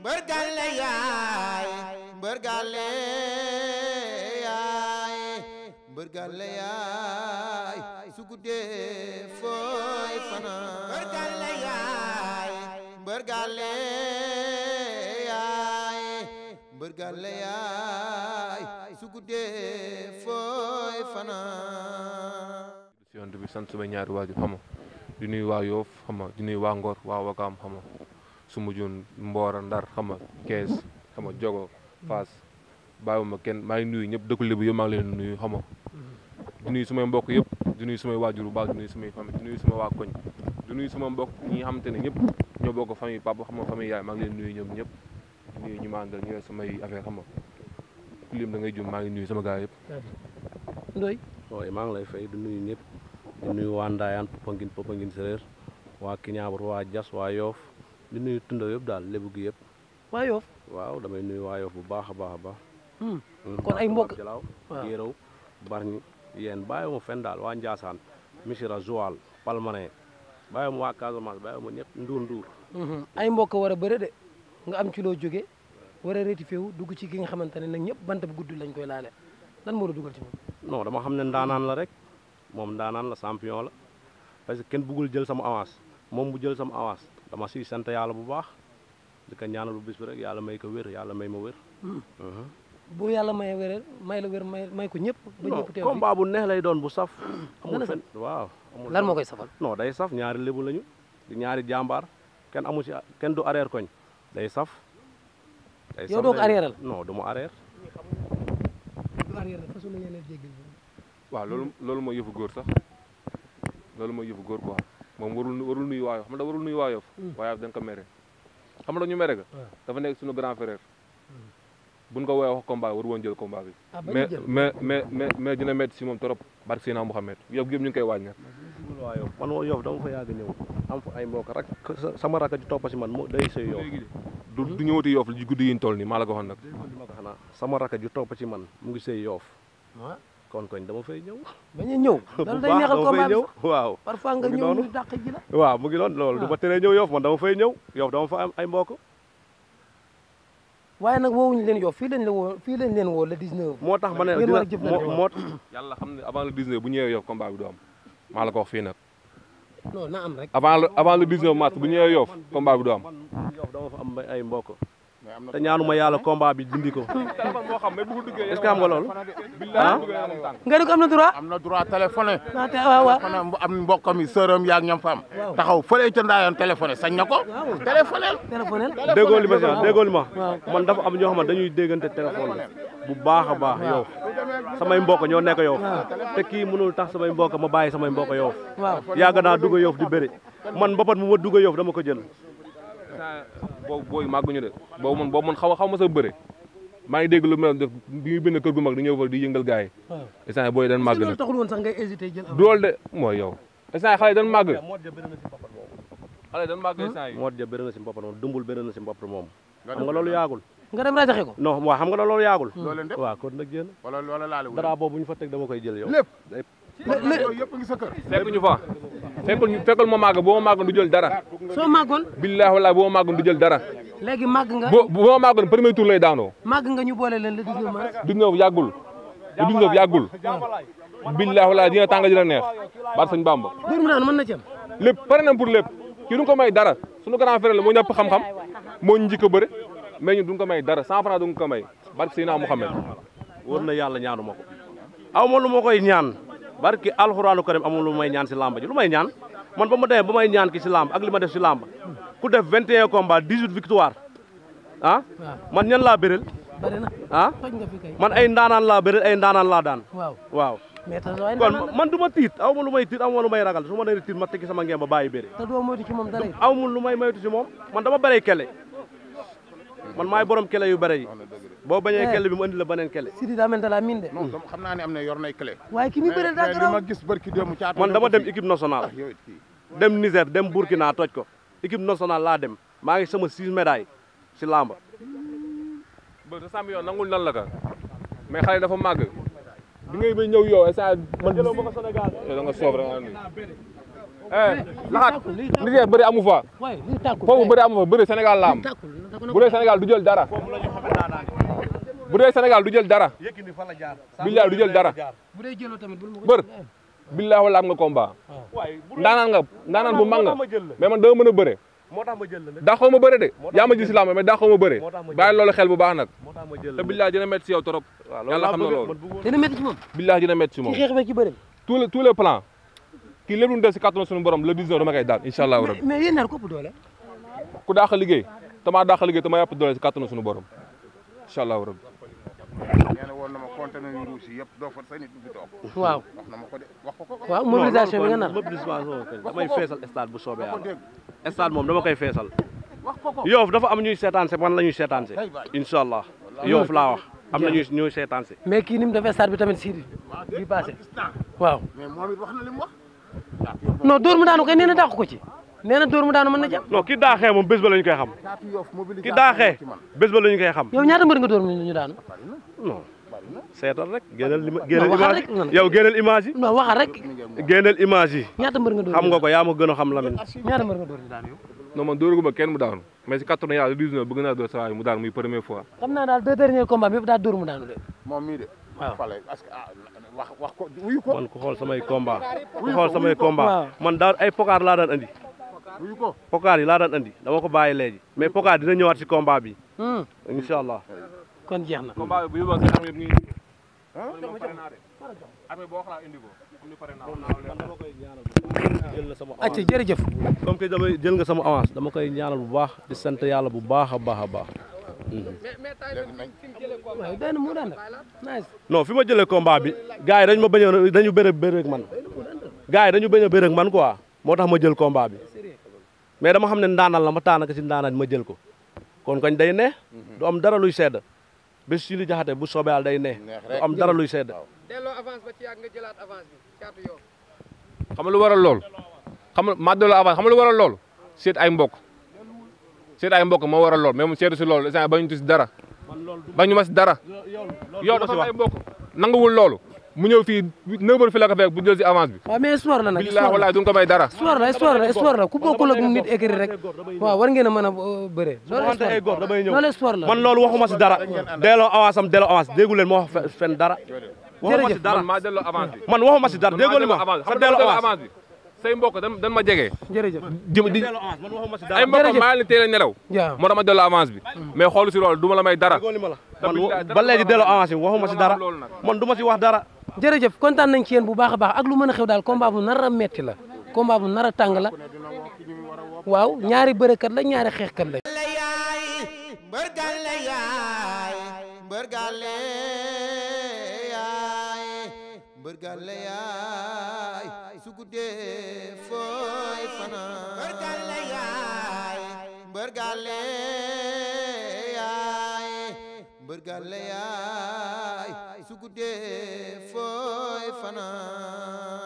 mbër gàlle yaay mbër gàlle yaay mbër gàlle yaay yaay mbër fooy fanaan si yoon bi sant sumay ñaari waajur xama di nuyu waa Yoof xama di waa Ngor waa Wakaam xama Soumbédioune Mboro Ndar xam nga Kees xam nga Jogo Fass bàyyiwuma kenn maa ngi nuyu ñëpp dëkku Lebu yëpp maa ngi leen nuyu xam nga di nuyu sumay mbokk yëpp di nuyu sumay waajur bu baax ñu ma àndal ñu samay affaire xam nga ku lim da ngay jum maa nuyu sama gars maa ngi lay fay di nuyu ñëpp waa Ndaayaan Popenguine Séréer waa Kiñaabur waa Diass waa Yoof di nuyu tundoo yëpp daal lébu gi yëpp. waa waaw damay nuyu waa bu baax a baax a baax. Hmm. kon ay mbokk Jalaaw Géeraw Bargny yéen bàyyiwuma fenn daal waa Ndiassane Missirah Joal Palmarin bàyyiwuma waa Casamance bàyyiwuma ñëpp Ndour Ndour. Hmm. ay mbokk war a bëre de nga am ci loo jóge war a rétifié wu dugg ci ki nga xamante ne nag ñëpp bant bu gudd lañ koy laale lan moo la dugal ci moom. non dama xam ne ndaanaan la rek moom ndaanaan la champion la parce que kenn bëggul jël sama avance moom bu jël sama avance. dama siy sant yàlla bu baax di ko ñaanal bu bis bi rek yàlla may ko wér yàlla may ma wér. Hmm. Uh-huh. bu yàlla may wér may la wér may may ko ñëpp. ba ñëpp teew bu neex lay doon bu saf. Hmm. amul fen waaw. lan moo koy safal. non day saf ñaari lébu lañu ñaari jàmbaar kenn amul ci kenn du arrière koñ day saf. day saf yow doo ko arrière la non du mu arrière. waaw loolu loolu mooy yëfu góor sax loolu mooy yëfu góor quoi. moom warul warul nuyu waa Yoff xam warul nuyu waa hmm. dañ ko mere xam nga ñu mere ga dafa nekk suñu grand frère hmm. buñ ko woowee wax combat waru woon jël combat bi ah, mais mais mais mais mais dina si moom trop barke Seydina Mouhamed Yoff gi ñu ngi koy wàññi waaw Yoff man Yoff dama yàgg ñëw am ay mbokk rak sama rak di si man moo day sëy Yoff hmm? du ñëwati Yoff li guddi yi ñu toll nii maa la ko waxoon nag sama rak ji topp ci man mu ngi sëy yoof kon koñ dama fay ñëw. bañu ñëw dal day neexal combat waaw parfois nga ñëw ñu dàq ji la waaw mu ngi noonu loolu du ma teree ñëw yoof man dama fay ñëw yoof dama fa am ay mbokk waaye nag woowuñu leen yoof fii lañ woo fii lañ leen woo le 19 moo tax ma ne moo yàlla xam ne avant le bu ñëwee yoof combat bi du am maa la ko wax fii nag non na am rek avant le avant le bu ñëwee yoof combat bi du am dama am ay mbokk te ñaanuma yàlla combat bi dindi ko est-ce que am nga loolu ah nga am na droit am na droit ah, am mbokkam yi sëram yaag ñam faam taxaw fële ca ndaayoon téléphoné sañ na ko téléphoné déggoo li ma si déggoo ma man dafa am ñoo ma dañuy déggante téléphone bu baax a baax yow samay mbokk ñoo nekk yow te kii mënul tax samay mbokk ma bàyyi samay mbokk yow yàgg naa dugg yow di bëri man mbapat mu ma dugg yow dama ko jël boobu booy màgguñu de boobu man boobu man xaw xaw ma sa bëre maa ngi dégg lu mel def bi ñu bind kër gu mag di ñëw fa di yëngal gars yi ah. instant booy dañ màgg nag taxul woon sax ngay hésité jël dool de mooy yow instant xale dañ màgg xale dañ ja bëri na si mboppam moom dumbul ah. bëri na si moom xam nga loolu yaagul nga dem rajaxe ko non waaw xam loolu yaagul waaw boobu ñu fa teg dama koy jël yow loolu yëpp ngi ñu fa fekkul ñu fekkul ma màgg boo ma màggoon du jël dara. soo màggoon. billaahi wallaahi boo ma màggoon du jël dara. léegi màgg nga. boo boo ma màggoon premier tour lay daanoo. màgg nga ñu boole leen la dix-neuf mars. dix-neuf yàggul dix-neuf yàggul. billaahi wallaahi dina tàng dina neex baat sëñ Bamba. mbir mën na ci am. lépp pare na pour lépp kii du ko may dara sunu grand frère la moo ñëpp xam-xam moo njikk a bëri mais ñun ko may dara cent franc du ko may barke Seydina Muhammad war na yàlla ñaanu ko barki alxuraanu karim amul lu may ñaan si làmb ji lu may ñaan man ba ma demee ba ñaan ki si làmb ak li ma def si làmb ku def 21 combats 18 victoire ah. man ñan laa bëreel. bëri na ah man ay ndaanaan laa bëreel ay ndaanaan laa daan. waaw waaw. kon man du ma tiit aw ma lu may tiit aw ma lu may ragal su ma nee tiit ma tekki sama ngeen ba bàyyi bëri. te doo moytu ci ma lu may moytu ci moom man dama bëree kele. man maay borom kele yu bare yi boo bañee eh. kele bi la beneen kele si di daa mel ne la miin am na yor nay kele waaye ki muy bëre daa garaaw ma gis man dama dem équipe nationale ah, dem Niger dem Burkina toj ko équipe nationale laa dem maa ngi sama six médailles si lamba ba sa sàmm yow nangul nan la ka mais xale dafa màgg bi ngay ñëw yow sa man da nga soob rek Eh, laxaat li ci bëri amu fa foofu bëri amu fa bëri Sénégal la am bu dee Sénégal du jël dara bu dee Sénégal du jël dara billaay du jël dara bër billaay wala am nga combat ndaanaan nga ndaanaan bu mag nga mais man dama a bëre daxoo ma bëre de yaa ma gis làmb mais daxoo ma bëre bàyyi loolu xel bu baax nag te billaay a métti si yow trop yàlla xam na loolu a dina métti si moom tout le tout le plan kii lépp lu ñu def si kàttanu borom le 19 dama koy daan incha a a liggéey tamaa yàpp borom incha rabbi na woon na ma compté nañu ruus yi yëpp doo fa sa nit du fi ko de wax ko ko waaw mobilisation bi nga nar mobilisation damay feesal stade bu soobee yàlla stade moom dama koy feesal yoof dafa am ñuy seetaan man la ñuy seetaan se yoof laa wax am na ñuy ñuy seetaan se mais kii ni mu defee stade bi tamit sii bi passé non dóor mu daanu kay nee na dàq ko ci nee na dóor mu daanu mën na jàpp non ki daaxee moom bés ba la xam ki daaxee bés ba la ñu xam yow ñaata mbër nga dóor mu daanu non ma gën a xam Lamine ñaata mbër nga dóor ñu daanu yow non man dóoragu ma kenn mu daanu si kattan yàlla dix neuf bëgg naa naa daal mu daanu de wax wax ko wuyu ko man xool samay komba samay combat man daal ay pokaar laa daan andi wuyu yi laa daan andi dama ko bàyyi léegi mais pokaar dina ñëwaat si combat bi hmm. incha allah kon jeex na combat bi bu wax armée bi armée boo xalaat jërëjëf comme que damay nga sama avance dama koy ñaanal bu baax di sant yàlla bu baax a baax a baax non fi ma jëlee combat bi gars yi dañu ma bañ dañu bëre bëre man gars yi dañu bañ a bëre man quoi moo tax ma jël combat bi mais dama xam ne ndaanal la ma taanaka si ndaanal ma jël ko kon kañ day ne du am dara luy sedd bés si li jaxate bu soobee day ne du am dara luy sedd xam nga lu waral loolu xam nga maa delloo avance xam nga waral loolu seet ay mbokk seet ay mbokk moo waral lool mais mu seetu si loolu instant bañu tu si dara bañu ma si dara yow dafa ay mbokk nanguwul loolu mu ñëw fii neuf heures fi fekk bu jël si avance bi waaw mais sport la nag billaahi wallaahi du nga la sport la sport la ku bokkul nit écrit rek waaw war ngeen a mën a euh, loolu sport la man loolu waxuma si dara delloo avance am delloo moo fen dara man waxuma si dara déggoo li ma sa delloo avance bi say mbokk dan dan ma jege. jërëjëf di ay mbokk maa ngi leen teel a nelaw. waaw moo dama delloo avance bi. mais xoolu si loolu du ma la may dara. man ba léegi delloo avance bi waxuma si dara man du ma si wax dara. jërëjëf kontaan nañ ci yéen bu baax a baax ak lu mën a xew daal ba bu nar a metti la combat bu nar a tàng la waaw ñaari bërëkat la ñaari xeexkat la. mbër mbërgale yaay mbërgale yaay su guddee fanaan